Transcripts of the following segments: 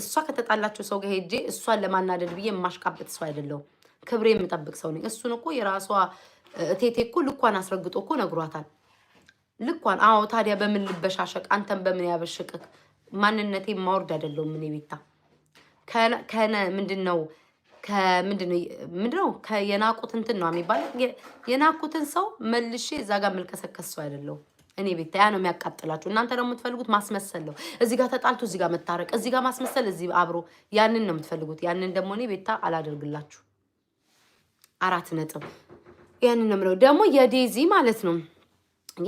እሷ ከተጣላቸው ሰው ጋር ሄጄ እሷን ለማናደድ ብዬ የማሽቃበት ሰው አይደለሁም። ክብሬ የምጠብቅ ሰው ነኝ። እሱን እኮ የራሷ እቴቴ እኮ ልኳን አስረግጦ እኮ ነግሯታል። ልኳን። አዎ ታዲያ በምን ልበሻሸቅ? አንተን በምን ያበሽቅክ? ማንነቴ ማወርድ አይደለሁም። ምን ቤታ ከነ ምንድን ነው ምንድነው የናቁት እንትን ነው የሚባለው። የናቁትን ሰው መልሼ እዛ ጋር መልከሰከስ ሰው አይደለሁም። እኔ ቤት ያ ነው የሚያቃጥላችሁ። እናንተ ደግሞ የምትፈልጉት ማስመሰል ነው። እዚህ ጋር ተጣልቶ እዚህ ጋር መታረቅ፣ እዚህ ጋር ማስመሰል፣ እዚህ አብሮ ያንን ነው የምትፈልጉት። ያንን ደግሞ እኔ ቤታ አላደርግላችሁ። አራት ነጥብ። ያንን ነው የምለው። ደግሞ የዴዚ ማለት ነው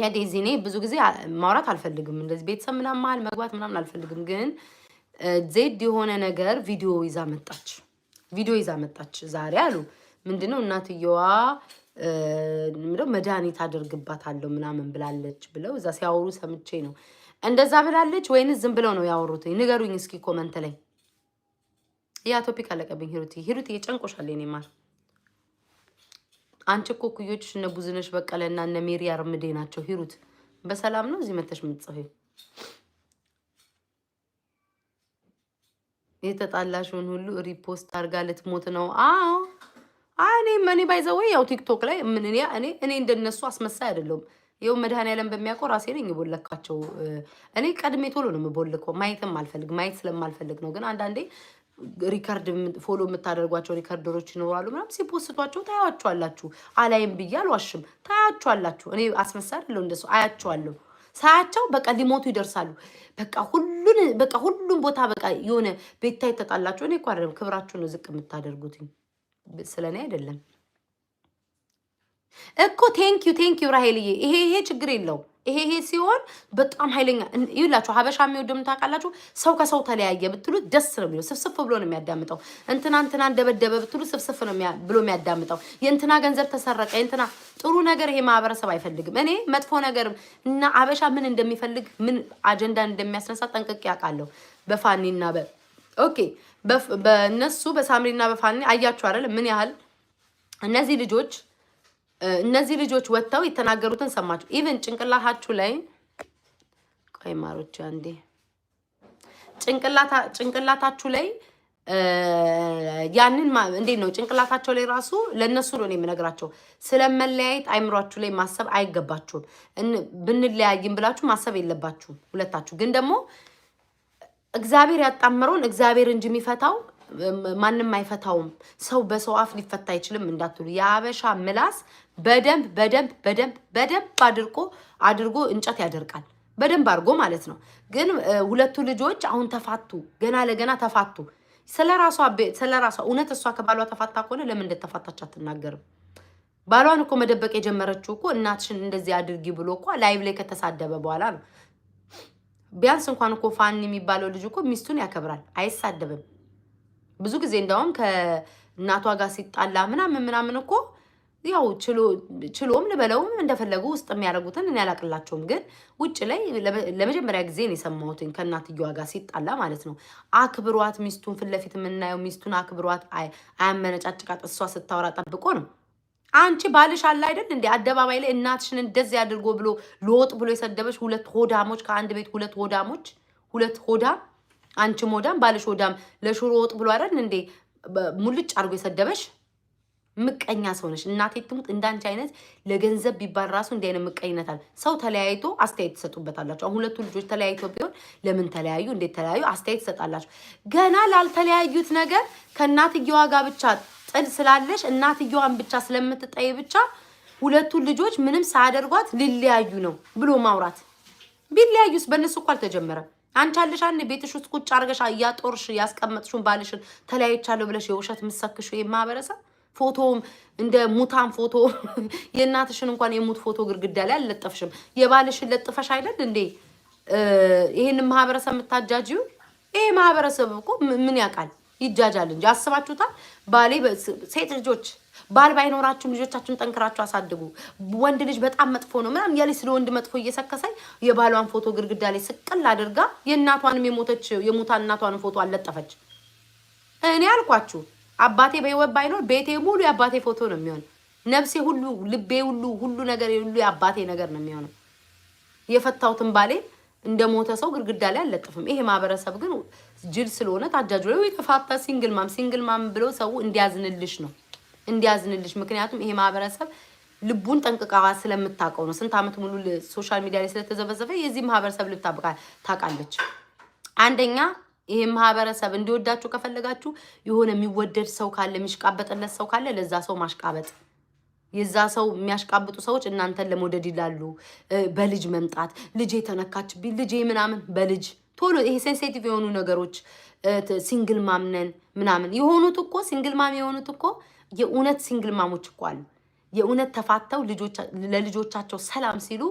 የዴዚ እኔ ብዙ ጊዜ ማውራት አልፈልግም። እንደዚህ ቤተሰብ ምናምን መሀል መግባት ምናምን አልፈልግም። ግን ዜድ የሆነ ነገር ቪዲዮ ይዛ መጣች፣ ቪዲዮ ይዛ መጣች ዛሬ አሉ ምንድነው እናትየዋ ምለው መድኃኒት አደርግባታለሁ ምናምን ብላለች ብለው እዛ ሲያወሩ ሰምቼ ነው። እንደዛ ብላለች ወይንስ ዝም ብለው ነው ያወሩት? ንገሩኝ እስኪ ኮመንት ላይ። ያ ቶፒክ አለቀብኝ። ሂሩት ሂሩት እየጨንቆሻል ኔ ማር። አንቺ እኮ ኩዮች እነ ቡዝነሽ በቀለ በቀለና እነ ሜሪ አርምዴ ናቸው። ሂሩት በሰላም ነው እዚህ መተሽ የምትጽፊው? የተጣላሽውን ሁሉ ሪፖስት አርጋ ልትሞት ነው? አዎ እኔ እኔ ባይዘወይ ያው ቲክቶክ ላይ ምን እኔ እኔ እንደነሱ አስመሳይ አይደለሁም። ይኸው መድኃኒዓለም በሚያውቀው ራሴ ነኝ የቦለካቸው። እኔ ቀድሜ ቶሎ ነው የምቦልከው። ማየትም አልፈልግ ማየት ስለማልፈልግ ነው። ግን አንዳንዴ ሪከርድ ፎሎ የምታደርጓቸው ሪከርደሮች ይኖራሉ። ምናምን ሲፖስቷቸው ታያቸዋላችሁ። አላይም ብዬ አልዋሽም። ታያቸዋላችሁ። እኔ አስመሳይ አይደለሁ፣ እንደሱ አያቸዋለሁ። ሳያቸው በቃ ሊሞቱ ይደርሳሉ። በቃ ሁሉን በቃ ሁሉም ቦታ በቃ የሆነ ቤታ ይተጣላችሁ። እኔ እኮ አይደለም ክብራችሁን ነው ዝቅ የምታደርጉትኝ ስለ እኔ አይደለም እኮ ቴንኪዩ ቴንኪዩ ራሄልዬ። ይሄ ይሄ ችግር የለው ይሄ ይሄ ሲሆን በጣም ኃይለኛ ይላችሁ። ሀበሻ የሚወደው ታውቃላችሁ። ሰው ከሰው ተለያየ ብትሉ ደስ ነው የሚለው ስፍስፍ ብሎ ነው የሚያዳምጠው። እንትና እንትና እንደበደበ ብትሉ ስፍስፍ ነው ብሎ የሚያዳምጠው። የእንትና ገንዘብ ተሰረቀ የእንትና ጥሩ ነገር ይሄ ማህበረሰብ አይፈልግም። እኔ መጥፎ ነገር እና ሀበሻ ምን እንደሚፈልግ ምን አጀንዳ እንደሚያስነሳ ጠንቅቄ አውቃለሁ በፋኒና በ ኦኬ በእነሱ በሳምሪና በፋኒ አያችሁ አይደል? ምን ያህል እነዚህ ልጆች እነዚህ ልጆች ወጥተው የተናገሩትን ሰማችሁ። ኢቨን ጭንቅላታችሁ ላይ ቆይ ማሮች አንዴ ጭንቅላታችሁ ላይ ያንን እንዴት ነው ጭንቅላታቸው ላይ ራሱ ለእነሱ ነው የምነግራቸው። ስለመለያየት አይምሯችሁ ላይ ማሰብ አይገባችሁም። ብንለያይም ብላችሁ ማሰብ የለባችሁም። ሁለታችሁ ግን ደግሞ እግዚአብሔር ያጣመረውን እግዚአብሔር እንጂ የሚፈታው ማንም አይፈታውም። ሰው በሰው አፍ ሊፈታ አይችልም እንዳትሉ፣ የአበሻ ምላስ በደንብ በደንብ በደንብ በደንብ አድርጎ አድርጎ እንጨት ያደርቃል። በደንብ አድርጎ ማለት ነው። ግን ሁለቱ ልጆች አሁን ተፋቱ፣ ገና ለገና ተፋቱ። ስለራሷ ስለራሷ እውነት እሷ ከባሏ ተፋታ ከሆነ ለምን እንደተፋታች አትናገርም? ባሏን እኮ መደበቅ የጀመረችው እኮ እናትሽን እንደዚህ አድርጊ ብሎ እኮ ላይቭ ላይ ከተሳደበ በኋላ ነው። ቢያንስ እንኳን እኮ ፋኒ የሚባለው ልጅ እኮ ሚስቱን ያከብራል፣ አይሳደብም። ብዙ ጊዜ እንደውም ከእናቷ ጋር ሲጣላ ምናምን ምናምን እኮ ያው ችሎም ልበለውም እንደፈለጉ ውስጥ የሚያደርጉትን እኔ አላቅላቸውም፣ ግን ውጭ ላይ ለመጀመሪያ ጊዜ ነው የሰማሁትኝ ከእናትየዋ ጋር ሲጣላ ማለት ነው። አክብሯት ሚስቱን፣ ፊት ለፊት የምናየው ሚስቱን አክብሯት፣ አያመነጫጭቃት። እሷ ስታወራ ጠብቆ ነው አንቺ ባልሽ አለ አይደል እንዴ አደባባይ ላይ እናትሽን እንደዚህ አድርጎ ብሎ ሎጥ ብሎ የሰደበች ሁለት ሆዳሞች ከአንድ ቤት ሁለት ሆዳሞች ሁለት ሆዳም አንቺም ሆዳም ባልሽ ሆዳም ለሽሮ ወጥ ብሎ አይደል እንዴ ሙልጭ አድርጎ የሰደበሽ ምቀኛ ሰው ነሽ። እናቴ ትሙት እንዳንቺ አይነት ለገንዘብ ቢባል ራሱ እንዲህ አይነት ምቀኝነት አለ። ሰው ተለያይቶ አስተያየት ትሰጡበታላችሁ። አሁን ሁለቱ ልጆች ተለያይቶ ቢሆን ለምን ተለያዩ፣ እንዴት ተለያዩ አስተያየት ትሰጣላችሁ። ገና ላልተለያዩት ነገር ከእናትየዋ ጋር ብቻ ጥል ስላለሽ እናትየዋን ብቻ ስለምትጠይ ብቻ ሁለቱን ልጆች ምንም ሳያደርጓት ሊለያዩ ነው ብሎ ማውራት ቢለያዩስ በእነሱ እኮ አልተጀመረም። አንቺ አለሽ አንድ ቤትሽ ውስጥ ቁጭ አድርገሽ እያጦርሽ ያስቀመጥሽውን ባልሽን ተለያይቻለሁ ብለሽ የውሸት ምሰክሽ ወይም ማህበረሰብ ፎቶም እንደ ሙታን ፎቶ የእናትሽን እንኳን የሙት ፎቶ ግድግዳ ላይ አልለጠፍሽም። የባልሽን ለጥፈሽ አይደል እንዴ? ይሄንን ማህበረሰብ የምታጃጅው ይሄ ማህበረሰብ እኮ ምን ያውቃል? ይጃጃል እንጂ አስባችሁታል። ባሌ ሴት ልጆች ባል ባይኖራችሁም ልጆቻችሁን ጠንክራችሁ አሳድጉ። ወንድ ልጅ በጣም መጥፎ ነው ምናምን ያለች ስለ ወንድ መጥፎ እየሰከሰኝ የባሏን ፎቶ ግድግዳ ላይ ስቅል አድርጋ የእናቷንም የሞተች የሞታ እናቷን ፎቶ አለጠፈች። እኔ አልኳችሁ አባቴ በህይወት ባይኖር ቤቴ ሙሉ የአባቴ ፎቶ ነው የሚሆን። ነፍሴ ሁሉ ልቤ ሁሉ ሁሉ ነገር ሁሉ የአባቴ ነገር ነው የሚሆነው የፈታሁትን ባሌ እንደ ሞተ ሰው ግድግዳ ላይ አለጥፍም። ይሄ ማህበረሰብ ግን ጅል ስለሆነ ታጃጅ ወይ የተፋታ ሲንግል ማም ሲንግል ማም ብሎ ሰው እንዲያዝንልሽ ነው እንዲያዝንልሽ። ምክንያቱም ይሄ ማህበረሰብ ልቡን ጠንቅቃዋ ስለምታውቀው ነው። ስንት ዓመት ሙሉ ሶሻል ሚዲያ ላይ ስለተዘበዘበ የዚህ ማህበረሰብ ልብ ታውቃለች። አንደኛ ይህ ማህበረሰብ እንዲወዳችሁ ከፈለጋችሁ የሆነ የሚወደድ ሰው ካለ የሚሽቃበጥለት ሰው ካለ ለዛ ሰው ማሽቃበጥ የዛ ሰው የሚያሽቃብጡ ሰዎች እናንተን ለመውደድ ይላሉ። በልጅ መምጣት ልጄ የተነካችብኝ ልጄ ምናምን በልጅ ቶሎ ይሄ ሴንሴቲቭ የሆኑ ነገሮች ሲንግል ማምነን ምናምን የሆኑት እኮ ሲንግል ማም የሆኑት እኮ የእውነት ሲንግል ማሞች እኮ አሉ። የእውነት ተፋተው ለልጆቻቸው ሰላም ሲሉ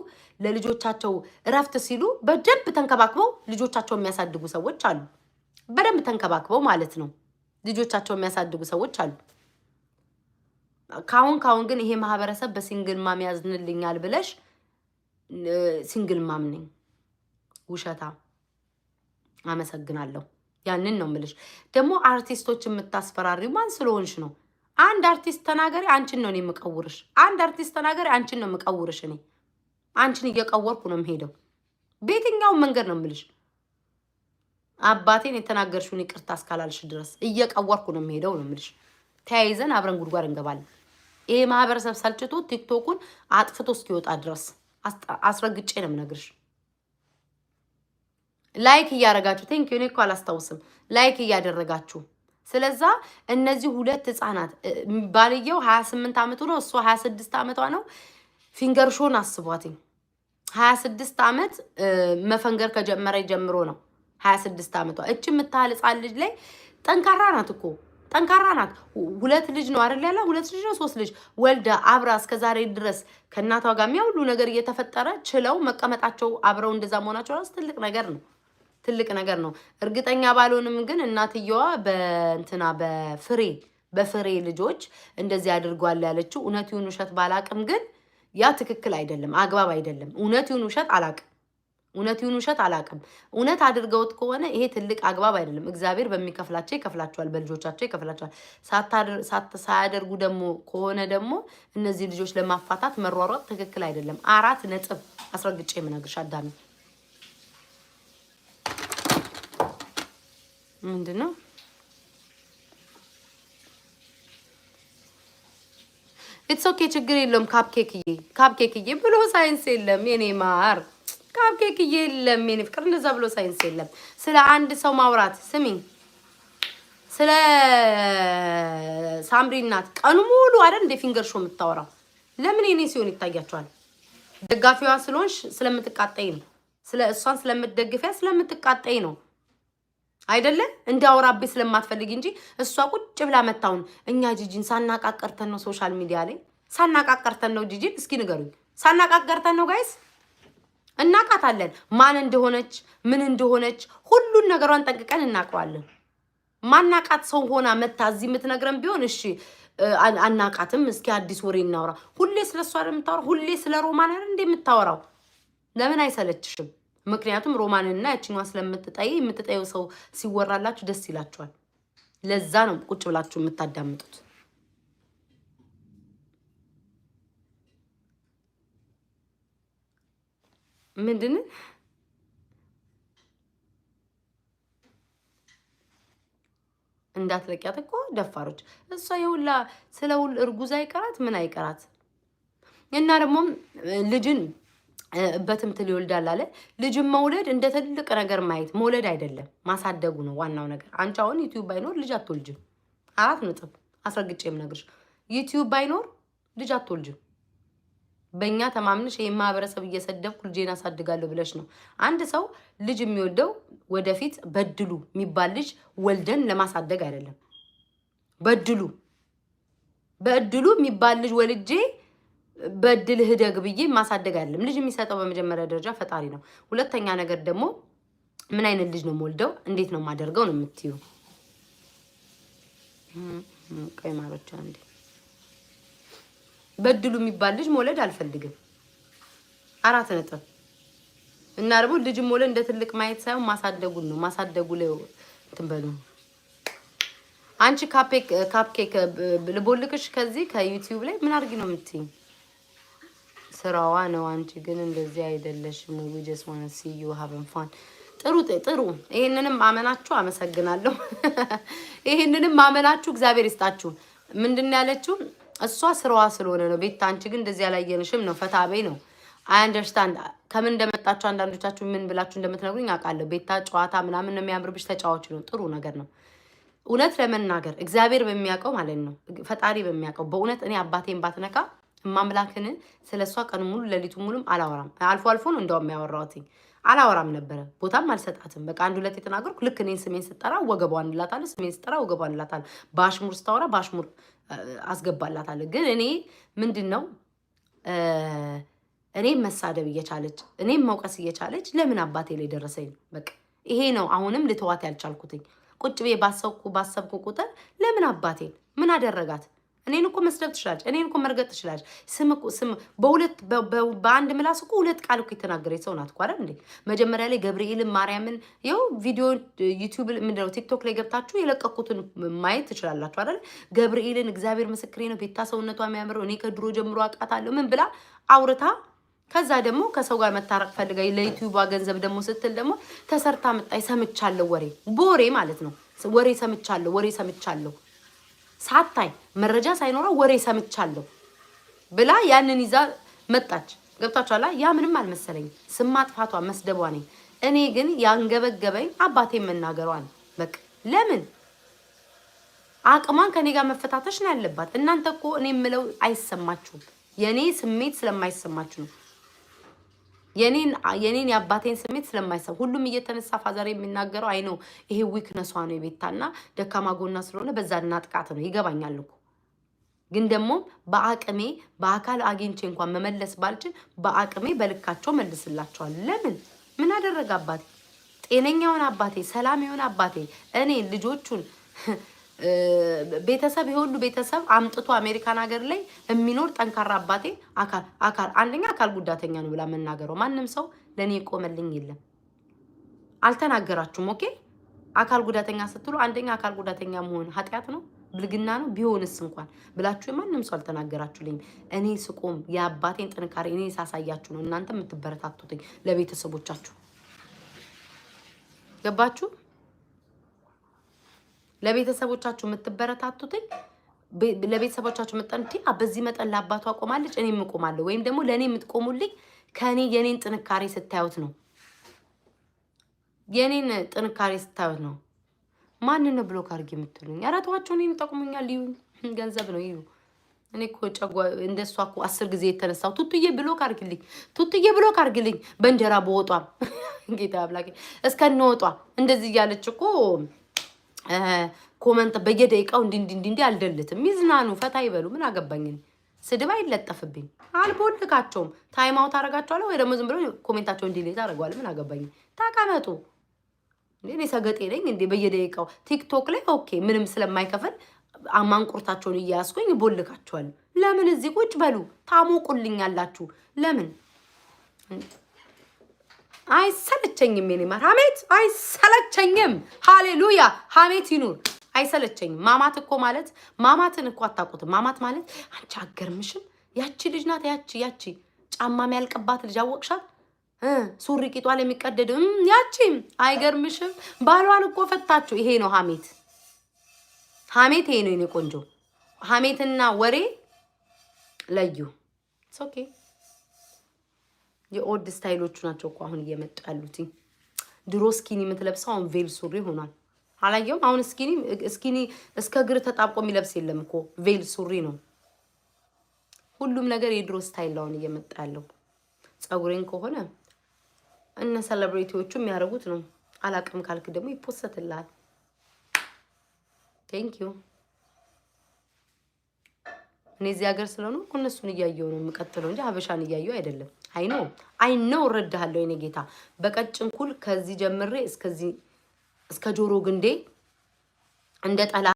ለልጆቻቸው እረፍት ሲሉ በደንብ ተንከባክበው ልጆቻቸው የሚያሳድጉ ሰዎች አሉ። በደንብ ተንከባክበው ማለት ነው ልጆቻቸው የሚያሳድጉ ሰዎች አሉ። ካሁን ካሁን ግን ይሄ ማህበረሰብ በሲንግል ማም ያዝንልኛል ብለሽ ሲንግል ማም ነኝ ውሸታ። አመሰግናለሁ። ያንን ነው ምልሽ። ደግሞ አርቲስቶች የምታስፈራሪ ማን ስለሆንሽ ነው? አንድ አርቲስት ተናገሪ፣ አንቺን ነው የምቀውርሽ። አንድ አርቲስት ተናገሪ፣ አንቺን ነው የምቀውርሽ። እኔ አንቺን እየቀወርኩ ነው የምሄደው። በየትኛውም መንገድ ነው ምልሽ። አባቴን የተናገርሽውን ይቅርታ እስካላልሽ ድረስ እየቀወርኩ ነው የምሄደው ነው ምልሽ። ተያይዘን አብረን ጉድጓድ እንገባለን። ይሄ ማህበረሰብ ሰልችቶ ቲክቶኩን አጥፍቶ እስኪወጣ ድረስ አስረግጬ ነው የምነግርሽ። ላይክ እያደረጋችሁ ቴንክ ዩኔ እኮ አላስታውስም። ላይክ እያደረጋችሁ ስለዛ እነዚህ ሁለት ህፃናት ባልየው ሀያ ስምንት ዓመቱ ነው እሷ ሀያ ስድስት ዓመቷ ነው። ፊንገር ሾን አስቧትኝ ሀያ ስድስት ዓመት መፈንገር ከጀመረ ጀምሮ ነው ሀያ ስድስት ዓመቷ። እች የምታህል ህፃን ልጅ ላይ ጠንካራ ናት እኮ ጠንካራ ናት። ሁለት ልጅ ነው አይደል ያለ ሁለት ልጅ ነው ሶስት ልጅ ወልደ አብራ እስከዛሬ ድረስ ከእናቷ ጋር የሚያ ሁሉ ነገር እየተፈጠረ ችለው መቀመጣቸው አብረው እንደዛ መሆናቸው ራስ ትልቅ ነገር ነው ትልቅ ነገር ነው። እርግጠኛ ባልሆንም ግን እናትየዋ በእንትና በፍሬ በፍሬ ልጆች እንደዚህ አድርጓል ያለችው እውነት ይሁን ውሸት ባላቅም፣ ግን ያ ትክክል አይደለም፣ አግባብ አይደለም። እውነት ይሁን ውሸት አላቅም። እውነት ይሁን ውሸት አላውቅም። እውነት አድርገውት ከሆነ ይሄ ትልቅ አግባብ አይደለም። እግዚአብሔር በሚከፍላቸው ይከፍላቸዋል፣ በልጆቻቸው ይከፍላቸዋል። ሳያደርጉ ደግሞ ከሆነ ደግሞ እነዚህ ልጆች ለማፋታት መሯሯጥ ትክክል አይደለም። አራት ነጥብ አስረግጬ የምነግርሽ አዳሚ ምንድን ነው ኢትስ ኦኬ ችግር የለውም። ካፕኬክዬ ካፕኬክዬ ብሎ ሳይንስ የለም የኔ ማር ካፕኬክ የለም የኔ ፍቅር፣ እንደዛ ብሎ ሳይንስ የለም። ስለ አንድ ሰው ማውራት ስሚኝ፣ ስለ ሳምሪ እናት ቀኑ ሙሉ አይደል እንደ ፊንገር ሾ የምታወራው? ለምን የኔ ሲሆን ይታያቸዋል? ደጋፊዋ ስለሆንሽ ስለምትቃጠይ ነው። ስለ እሷን ስለምትደግፊያ ስለምትቃጠይ ነው አይደለ? እንዳወራቤ ስለማትፈልግ እንጂ እሷ ቁጭ ብላ መታውን። እኛ ጂጂን ሳናቃቀርተን ነው ሶሻል ሚዲያ ላይ ሳናቃቀርተን ነው ጂጂን። እስኪ ንገሩኝ፣ ሳናቃቀርተን ነው ጋይስ እናቃታለን ማን እንደሆነች ምን እንደሆነች ሁሉን ነገሯን ጠንቅቀን እናቀዋለን። ማናቃት ሰው ሆና መታ እዚህ የምትነግረን ቢሆን እሺ አናቃትም፣ እስኪ አዲስ ወሬ እናውራ። ሁሌ ስለ እሷ የምታወራ ሁሌ ስለ ሮማን አይደል እንደ የምታወራው ለምን አይሰለችሽም? ምክንያቱም ሮማንና ያችኛዋ ስለምትጠይ የምትጠየው ሰው ሲወራላችሁ ደስ ይላችኋል። ለዛ ነው ቁጭ ብላችሁ የምታዳምጡት። ምንድን እንዳትለቂያት እኮ ደፋሮች። እሷ የሁላ ስለ ሁል እርጉዝ አይቀራት ምን አይቀራት እና ደግሞ ልጅን በትምት ሊወልዳል አለ። ልጅን መውለድ እንደ ትልቅ ነገር ማየት መውለድ አይደለም ማሳደጉ ነው ዋናው ነገር። አንቺ አሁን ዩቲዩብ ባይኖር ልጅ አትወልጅም። አራት ነጥብ አስረግጬ የምነግርሽ ዩቲዩብ ባይኖር ልጅ አትወልጅም። በእኛ ተማምንሽ ይህ ማህበረሰብ እየሰደብኩ ልጄን አሳድጋለሁ ብለሽ ነው። አንድ ሰው ልጅ የሚወልደው ወደፊት በድሉ የሚባል ልጅ ወልደን ለማሳደግ አይደለም። በድሉ በእድሉ የሚባል ልጅ ወልጄ በእድል ህደግ ብዬ ማሳደግ አይደለም። ልጅ የሚሰጠው በመጀመሪያ ደረጃ ፈጣሪ ነው። ሁለተኛ ነገር ደግሞ ምን አይነት ልጅ ነው የምወልደው፣ እንዴት ነው የማደርገው ነው የምትዩ። ቀይ ማሮቻ እንዴ በድሉ የሚባል ልጅ መውለድ አልፈልግም። አራት ነጥብ እና ደግሞ ልጅ መውለድ እንደ ትልቅ ማየት ሳይሆን ማሳደጉን ነው። ማሳደጉ ላይ እንትን በሉ። አንቺ ካፕኬክ ልቦልቅሽ ከዚህ ከዩቲዩብ ላይ ምን አድርጊ ነው የምትይኝ? ስራዋ ነው። አንቺ ግን እንደዚህ አይደለሽም። ዊ ጀስት ዋን ሲ ዩ ሃቭን ፋን ጥሩ ጥሩ። ይሄንንም አመናችሁ አመሰግናለሁ። ይሄንንም አመናችሁ እግዚአብሔር ይስጣችሁ። ምንድን ነው ያለችው? እሷ ስራዋ ስለሆነ ነው። ቤታ አንቺ ግን እንደዚህ ያላየንሽም ነው። ፈታቤ ነው። አይ አንደርስታንድ ከምን እንደመጣችሁ አንዳንዶቻችሁ ምን ብላችሁ እንደምትነግሩኝ አውቃለሁ። ቤታ ጨዋታ ምናምን ነው የሚያምርብሽ፣ ተጫዋች ነው። ጥሩ ነገር ነው። እውነት ለመናገር እግዚአብሔር በሚያውቀው ማለት ነው፣ ፈጣሪ በሚያውቀው በእውነት እኔ አባቴን ባትነካ እማምላክን ስለ እሷ ቀን ሙሉ ሌሊቱ ሙሉም አላወራም። አልፎ አልፎ ነው እንደውም ያወራሁትኝ። አላወራም ነበረ፣ ቦታም አልሰጣትም። በቃ አንድ ሁለት የተናገርኩ ልክ እኔን ስሜን ስጠራ ወገቧን እላታለሁ፣ ስሜን ስጠራ ወገቧን እላታለሁ። በአሽሙር ስታወራ በአሽሙር አስገባላታለሁ። ግን እኔ ምንድን ነው እኔም መሳደብ እየቻለች እኔም መውቀስ እየቻለች ለምን አባቴ ላይ ደረሰኝ ነው በቃ ይሄ ነው። አሁንም ልተዋት ያልቻልኩትኝ ቁጭ ቤ ባሰብኩ ባሰብኩ ቁጥር ለምን አባቴ ምን አደረጋት? እኔን እኮ መስደብ ትችላለች። እኔን እኮ መርገጥ ትችላለች። ስም ስም በሁለት በአንድ ምላስ እኮ ሁለት ቃል እኮ የተናገረች ሰው ናት እኮ አይደል እንዴ? መጀመሪያ ላይ ገብርኤልን ማርያምን፣ ይኸው ቪዲዮ ዩቲዩብ ምንድነው ቲክቶክ ላይ ገብታችሁ የለቀኩትን ማየት ትችላላችሁ አይደል? ገብርኤልን እግዚአብሔር ምስክሬ ነው ቤታ ሰውነቷ የሚያምረው እኔ ከድሮ ጀምሮ አውቃታለሁ ምን ብላ አውርታ ከዛ ደግሞ ከሰው ጋር መታረቅ ፈልጋ ለዩቲዩቧ ገንዘብ ደግሞ ስትል ደግሞ ተሰርታ መጣይ ሰምቻለሁ። ወሬ ቦሬ ማለት ነው። ወሬ ሰምቻለሁ፣ ወሬ ሰምቻለሁ ሳታይ መረጃ ሳይኖረው ወሬ ሰምቻለሁ ብላ ያንን ይዛ መጣች። ገብታችኋላ? ያ ምንም አልመሰለኝም። ስም ማጥፋቷ መስደቧ ነኝ። እኔ ግን ያንገበገበኝ አባቴ መናገሯን በቃ ለምን አቅሟን ከኔ ጋር መፈታተሽ ነው ያለባት። እናንተ እኮ እኔ የምለው አይሰማችሁም። የእኔ ስሜት ስለማይሰማችሁ ነው። የኔን የአባቴን ስሜት ስለማይሰብ ሁሉም እየተነሳ ፋዘር የሚናገረው አይ ነው ይሄ ዊክነሷ ነው የቤታና ደካማ ጎና ስለሆነ በዛ እናጥቃት ነው ይገባኛል እኮ ግን ደግሞ በአቅሜ በአካል አግኝቼ እንኳን መመለስ ባልችል በአቅሜ በልካቸው መልስላቸዋል ለምን ምን አደረገ አባቴ ጤነኛውን አባቴ ሰላም የሆነ አባቴ እኔ ልጆቹን ቤተሰብ የሁሉ ቤተሰብ አምጥቶ አሜሪካን ሀገር ላይ የሚኖር ጠንካራ አባቴ አካል አካል አንደኛ አካል ጉዳተኛ ነው ብላ የምናገረው ማንም ሰው ለእኔ ቆመልኝ የለም። አልተናገራችሁም። ኦኬ አካል ጉዳተኛ ስትሉ አንደኛ አካል ጉዳተኛ መሆን ኃጢአት ነው ብልግና ነው ቢሆንስ እንኳን ብላችሁ ማንም ሰው አልተናገራችሁልኝ። እኔ ስቆም የአባቴን ጥንካሬ እኔ ሳሳያችሁ ነው እናንተ የምትበረታቱትኝ ለቤተሰቦቻችሁ ገባችሁ። ለቤተሰቦቻችሁ የምትበረታቱትኝ ለቤተሰቦቻችሁ መጠንቲ በዚህ መጠን ለአባቷ ቆማለች፣ እኔም እቆማለሁ። ወይም ደግሞ ለእኔ የምትቆሙልኝ ከእኔ የኔን ጥንካሬ ስታዩት ነው። የኔን ጥንካሬ ስታዩት ነው። ማንን ብሎክ አድርጌ የምትሉኝ? ኧረ ተዋቸው፣ እኔን ይጠቅሙኛል። ይዩ ገንዘብ ነው ይዩ። እኔ እኮ ጨጓ እንደ እሷ እኮ አስር ጊዜ የተነሳው ቱትዬ ብሎክ አድርግልኝ፣ ቱትዬ ብሎክ አድርግልኝ፣ በእንጀራ በወጧም ጌታ አምላኬ እስከ እንወጧ እንደዚህ እያለች እኮ ኮመንት በየደቂቃው እንዲ እንዲ እንዲ አልደልትም። ይዝናኑ፣ ፈታ ይበሉ። ምን አገባኝ? ስድብ አይለጠፍብኝ። አልቦልካቸውም። ታይም አውት አደርጋቸዋለሁ ወይ ደግሞ ዝም ብሎ ኮሜንታቸውን ዲሌት አደርገዋለሁ። ምን አገባኝ? ተቀመጡ። እኔ ሰገጤ ነኝ እንዴ? በየደቂቃው ቲክቶክ ላይ ኦኬ፣ ምንም ስለማይከፍል ማንቁርታቸውን እያያዝኩኝ ቦልካቸዋለሁ። ለምን እዚህ ቁጭ በሉ። ታሞቁልኝ አላችሁ? ለምን? አይሰለቸኝም። የኔ ሀሜት አይሰለቸኝም። ሃሌሉያ ሀሜት ይኑር። አይሰለቸኝም። ማማት እኮ ማለት ማማትን እኮ አታውቁትም። ማማት ማለት አንቺ አገርምሽም ያቺ ልጅ ናት። ያቺ ያቺ ጫማ የሚያልቅባት ልጅ አወቅሻት? ሱሪ ቂጧ የሚቀደድ ያቺ አይገርምሽም? ባሏን እኮ ፈታችሁ። ይሄ ነው ሀሜት። ሀሜት ይሄ ነው የኔ ቆንጆ። ሀሜትና ወሬ ለዩ። ኦኬ የኦልድ ስታይሎቹ ናቸው እኮ አሁን እየመጡ ያሉት ድሮ ስኪኒ የምትለብሰው አሁን ቬል ሱሪ ሆኗል። አላየውም? አሁን ስኪኒ ስኪኒ እስከ እግር ተጣብቆ የሚለብስ የለም እኮ ቬል ሱሪ ነው። ሁሉም ነገር የድሮ ስታይል አሁን እየመጣ ያለው። ፀጉሬን ከሆነ እነ ሰለብሬቲዎቹ የሚያደርጉት ነው። አላቅም ካልክ ደግሞ ይፖሰትልሃል። ቴንክ ዩ። እኔ እዚህ ሀገር ስለሆነ እነሱን እያየው ነው የምቀጥለው እንጂ ሀበሻን እያየው አይደለም። አይኖ አይኖ አይ እረዳሃለሁ የኔ ጌታ በቀጭን ኩል ከዚህ ጀምሬ እስከዚህ እስከ ጆሮ ግንዴ እንደ ጠላ